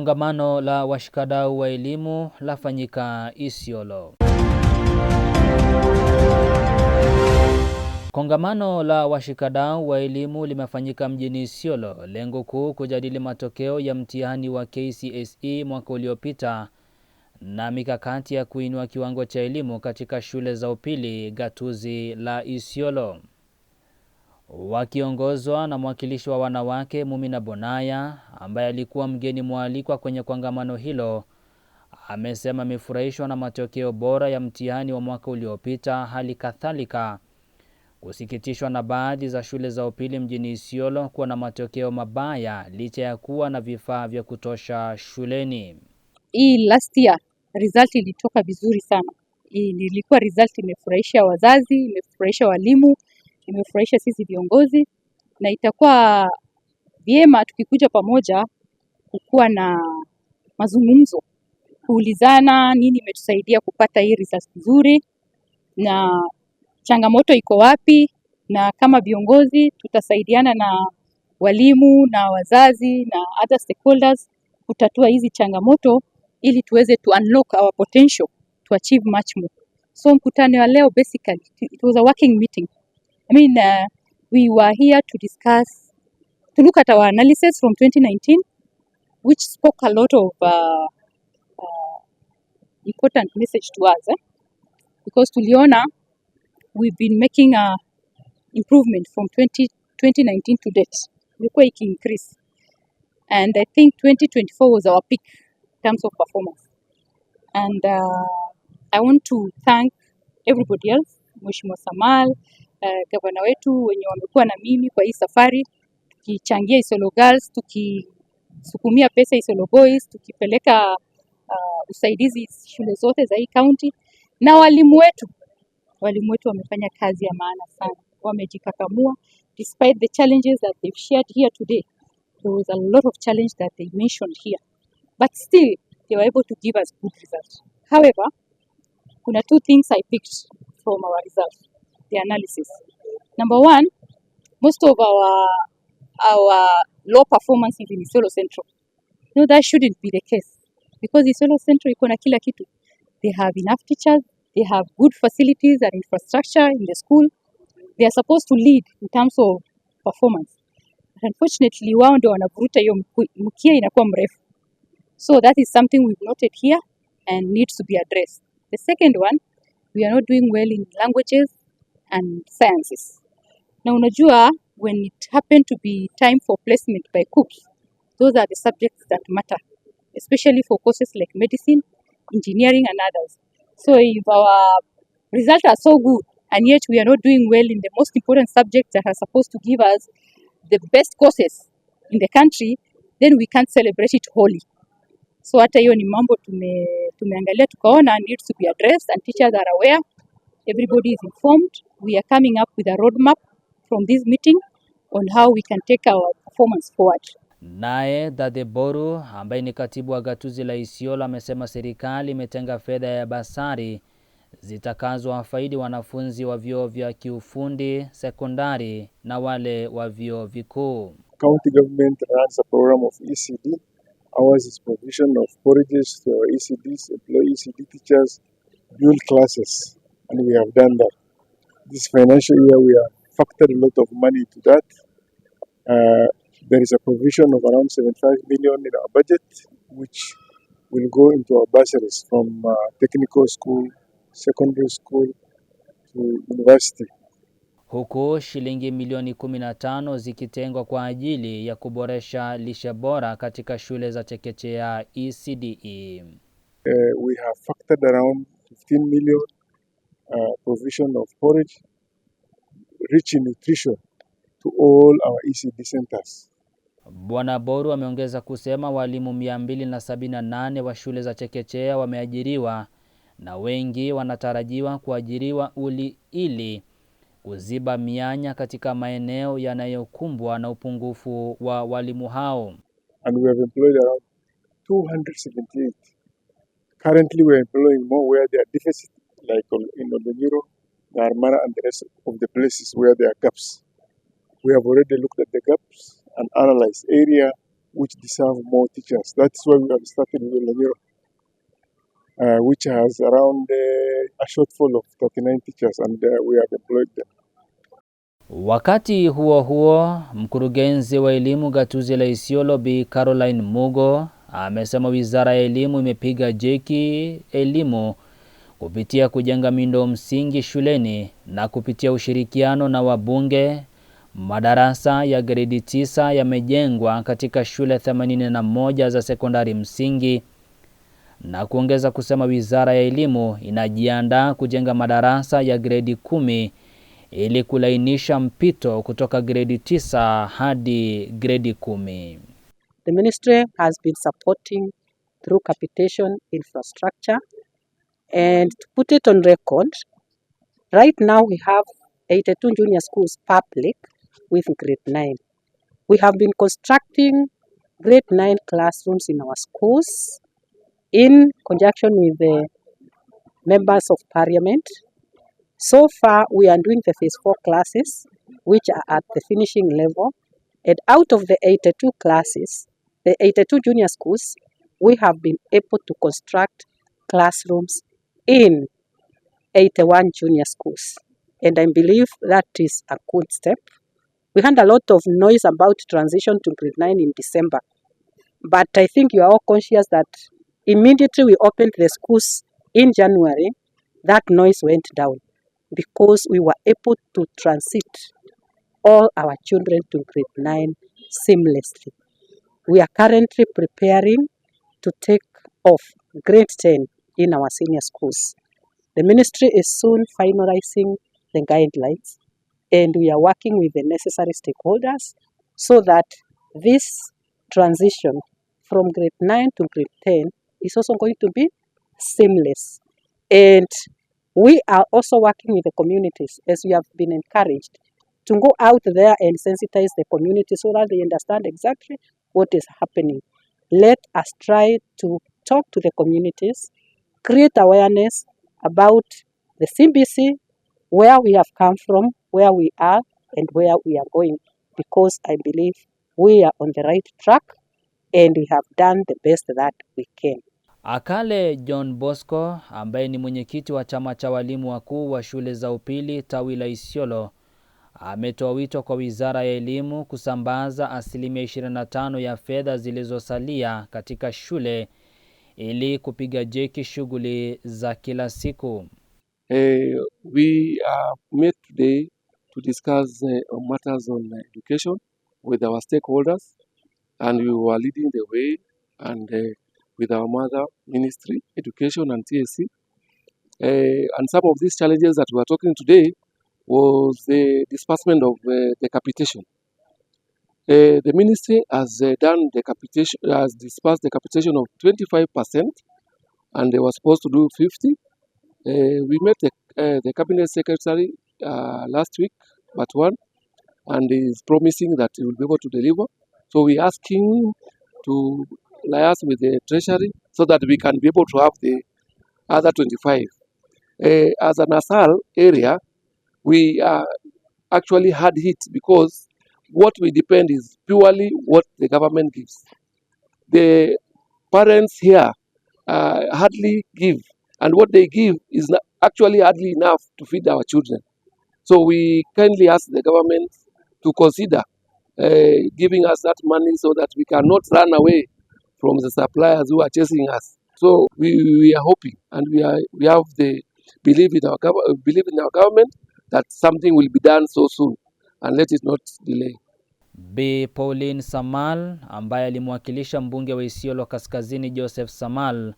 Kongamano la washikadau wa elimu lafanyika Isiolo. Kongamano la washikadau wa elimu limefanyika mjini Isiolo, lengo kuu kujadili matokeo ya mtihani wa KCSE mwaka uliopita na mikakati ya kuinua kiwango cha elimu katika shule za upili gatuzi la Isiolo wakiongozwa na mwakilishi wa wanawake Mumina Bonaya ambaye alikuwa mgeni mwalikwa kwenye kongamano hilo, amesema amefurahishwa na matokeo bora ya mtihani wa mwaka uliopita, hali kadhalika kusikitishwa na baadhi za shule za upili mjini Isiolo kuwa na matokeo mabaya licha ya kuwa na vifaa vya kutosha shuleni. Hii last year result ilitoka vizuri sana, ilikuwa result imefurahisha wazazi, imefurahisha walimu imefurahisha sisi viongozi na itakuwa vyema tukikuja pamoja kukuwa na mazungumzo, kuulizana nini imetusaidia kupata hii results nzuri na changamoto iko wapi, na kama viongozi tutasaidiana na walimu na wazazi na other stakeholders kutatua hizi changamoto ili tuweze to unlock our potential to achieve much more. So mkutano wa leo basically it was a working meeting. I mean, uh, we were here to discuss, to look at our analysis from 2019, which spoke a lot of uh, uh, important message to us, eh? Because leona we've been making a uh, improvement from 20, 2019 to date, ilikuwa iki increase and I think 2024 was our peak in terms of performance and uh, I want to thank everybody else Mheshimiwa Samal Eh, gavana wetu wenye wamekuwa na mimi kwa hii safari, tukichangia Isolo Girls, tukisukumia pesa Isolo Boys, tukipeleka uh, usaidizi shule zote za hii kaunti, na walimu wetu walimu wetu wamefanya kazi ya maana sana, wamejikakamua despite the challenges that they've shared here today. There was a lot of challenge that they mentioned here but still they were able to give us good results. However, kuna two things I picked from our results the analysis. Number one, most of our our low performance is in Isiolo Central. No, that shouldn't be the case because Isiolo Central iko na kila kitu. They have enough teachers, they have good facilities and infrastructure in the school. They are supposed to lead in terms of performance. But unfortunately, wao ndio wanavuruta hiyo mkia inakuwa mrefu. So that is something we've noted here and needs to be addressed. The second one, we are not doing well in languages and sciences. Na unajua when it happened to be time for placement by KUCCI, those are the subjects that matter, especially for courses like medicine, engineering and others. So if our results are so good and yet we are not doing well in the most important subjects that are supposed to give us the best courses in the country, then we can't celebrate it wholly. So hata hiyo ni mambo tume, tumeangalia tukaona needs to be addressed and teachers are aware Everybody is informed. We are coming up with a roadmap from this meeting on how we can take our performance forward. Naye Dadheboru ambaye ni katibu wa gatuzi la Isiolo amesema serikali imetenga fedha ya basari zitakazowafaidi wanafunzi wa vyuo vya kiufundi sekondari na wale wa vyuo vikuu. County government runs a program of ECD. Ours is provision of porridges for ECDs, employee ECD teachers, dual classes and we have done that. This financial year, we have factored a lot of money to that. Uh, there is a provision of around 75 million in our budget, which will go into our bursaries from uh, technical school, secondary school to university huku shilingi milioni 15 zikitengwa kwa ajili ya kuboresha lishe bora katika shule za chekechea ECDE. E. Uh, we have factored around 15 million Uh, provision of porridge, rich in nutrition to all our ECD centers. Bwana Boru ameongeza kusema walimu 278 wa shule za chekechea wameajiriwa na wengi wanatarajiwa kuajiriwa uli ili kuziba mianya katika maeneo yanayokumbwa na upungufu wa walimu hao. And we have employed around 278. Currently we are employing more where there are deficit like on, in Oldonyiro, Narmara, and the rest of the places where there are gaps. We have already looked at the gaps and analyzed area which deserve more teachers. That's why we have started with Oldonyiro, uh, which has around uh, a shortfall of 39 teachers, and uh, we have employed them. Wakati huo huo, mkurugenzi wa elimu Gatuzi la Isiolo Bi Caroline Mugo amesema wizara ya elimu imepiga jeki elimu kupitia kujenga miundo msingi shuleni na kupitia ushirikiano na wabunge, madarasa ya gredi 9 yamejengwa katika shule 81 za sekondari msingi na kuongeza kusema Wizara ya Elimu inajiandaa kujenga madarasa ya gredi kumi ili kulainisha mpito kutoka gredi 9 hadi gredi kumi. The ministry has been supporting through capitation infrastructure And to put it on record, right now we have 82 junior schools public with grade 9. We have been constructing grade 9 classrooms in our schools in conjunction with the members of parliament. So far, we are doing the phase 4 classes, which are at the finishing level. And out of the 82 classes, the 82 junior schools, we have been able to construct classrooms in 81 junior schools and I believe that is a good step. We had a lot of noise about transition to grade 9 in December but I think you are all conscious that immediately we opened the schools in January that noise went down because we were able to transit all our children to grade 9 seamlessly. We are currently preparing to take off grade 10 in our senior schools. The ministry is soon finalizing the guidelines and we are working with the necessary stakeholders so that this transition from grade 9 to grade 10 is also going to be seamless. And we are also working with the communities as we have been encouraged to go out there and sensitize the community so that they understand exactly what is happening. Let us try to talk to the communities create awareness about the CBC, where we have come from, where we are, and where we are going, because I believe we are on the right track and we have done the best that we can. Akale John Bosco ambaye ni mwenyekiti wa chama cha walimu wakuu wa shule za upili tawi la Isiolo ametoa wito kwa Wizara ya Elimu kusambaza asilimia 25 ya fedha zilizosalia katika shule ili kupiga jeki shughuli za kila siku. Hey, eh, we are met today to discuss uh, matters on education with our stakeholders and we were leading the way and uh, with our mother ministry education and TSC uh, eh, and some of these challenges that we are talking today was the disbursement of uh, the capitation Uh, the ministry has uh, done capitation; has the capitation of 25 percent, and they were supposed to do 50. Uh, we met the, uh, the cabinet secretary uh, last week, but one, and he is promising that he will be able to deliver. So we ask him to liaise with the treasury so that we can be able to have the other 25. Uh, as an Asal area, we actually had hit because what we depend is purely what the government gives. The parents here uh, hardly give, and what they give is actually hardly enough to feed our children. So we kindly ask the government to consider uh, giving us that money so that we cannot run away from the suppliers who are chasing us. So we, we are hoping and we, are, we have the belief in, our, belief in our government that something will be done so soon. and let it not delay. Bi Pauline Samal ambaye alimwakilisha mbunge wa Isiolo Kaskazini Joseph Samal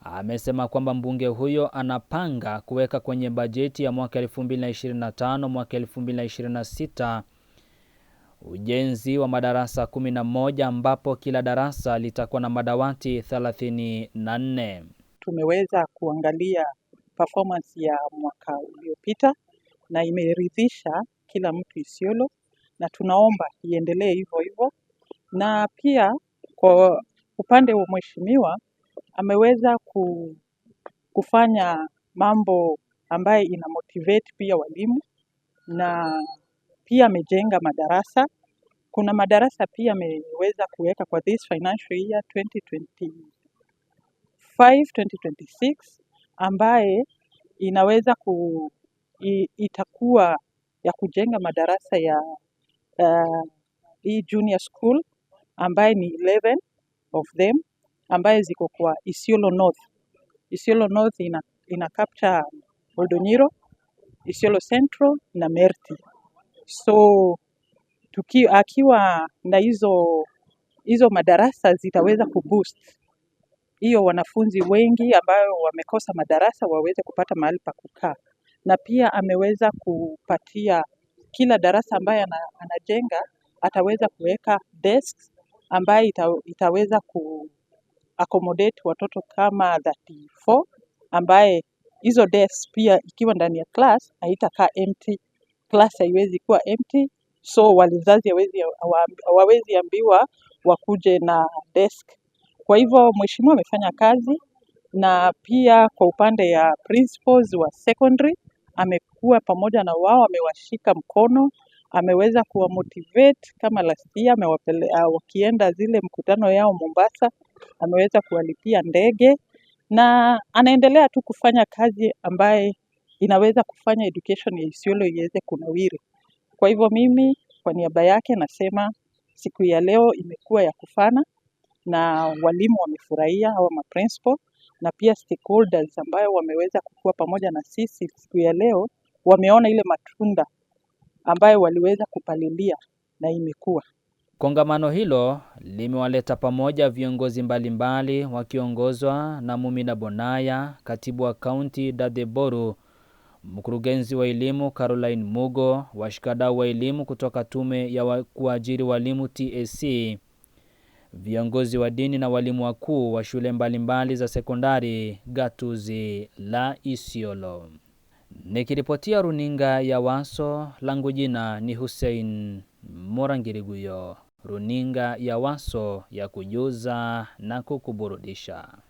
amesema kwamba mbunge huyo anapanga kuweka kwenye bajeti ya mwaka 2025 mwaka 2026 ujenzi wa madarasa 11 ambapo kila darasa litakuwa na madawati 34. Tumeweza kuangalia performance ya mwaka uliopita na imeridhisha kila mtu Isiolo, na tunaomba iendelee hivyo hivyo. Na pia kwa upande wa mheshimiwa ameweza kufanya mambo ambaye ina motivate pia walimu na pia amejenga madarasa. Kuna madarasa pia ameweza kuweka kwa this financial year 2025 2026 ambaye inaweza ku, itakuwa ya kujenga madarasa ya uh, hii junior school ambaye ni 11 of them ambaye ziko kwa Isiolo North. Isiolo North ina, ina capture Oldonyiro, Isiolo Central na Merti. So tuki, akiwa na hizo hizo madarasa zitaweza kuboost hiyo wanafunzi wengi ambayo wamekosa madarasa waweze kupata mahali pa kukaa na pia ameweza kupatia kila darasa ambayo anajenga ataweza kuweka desks ambayo itaweza ku accommodate watoto kama 34 ambaye hizo desks pia ikiwa ndani ya class haitakaa empty. Class haiwezi kuwa empty, so walizazi hawawezi ambiwa wakuje na desk. Kwa hivyo mheshimiwa amefanya kazi, na pia kwa upande ya principals wa secondary amekuwa pamoja na wao, amewashika mkono, ameweza motivate kama last year amewapele, ah, wakienda zile mkutano yao Mombasa, ameweza kuwalipia ndege na anaendelea tu kufanya kazi ambaye inaweza kufanya education ya Isiolo iweze kunawiri. Kwa hivyo mimi kwa niaba yake nasema siku ya leo imekuwa ya kufana na walimu wamefurahia, hawa maprinsipal na pia stakeholders ambayo wameweza kukua pamoja na sisi siku ya leo, wameona ile matunda ambayo waliweza kupalilia na imekuwa. Kongamano hilo limewaleta pamoja viongozi mbalimbali wakiongozwa na Mumina Bonaya, katibu wa kaunti Dadeboru, mkurugenzi wa elimu Caroline Mugo, washikadau wa elimu kutoka tume ya kuajiri walimu TSC, viongozi wa dini na walimu wakuu wa shule mbalimbali za sekondari gatuzi la Isiolo. Nikiripotia runinga ya Waso, langu jina ni Hussein Morangiriguyo. Runinga ya Waso ya kujuza na kukuburudisha.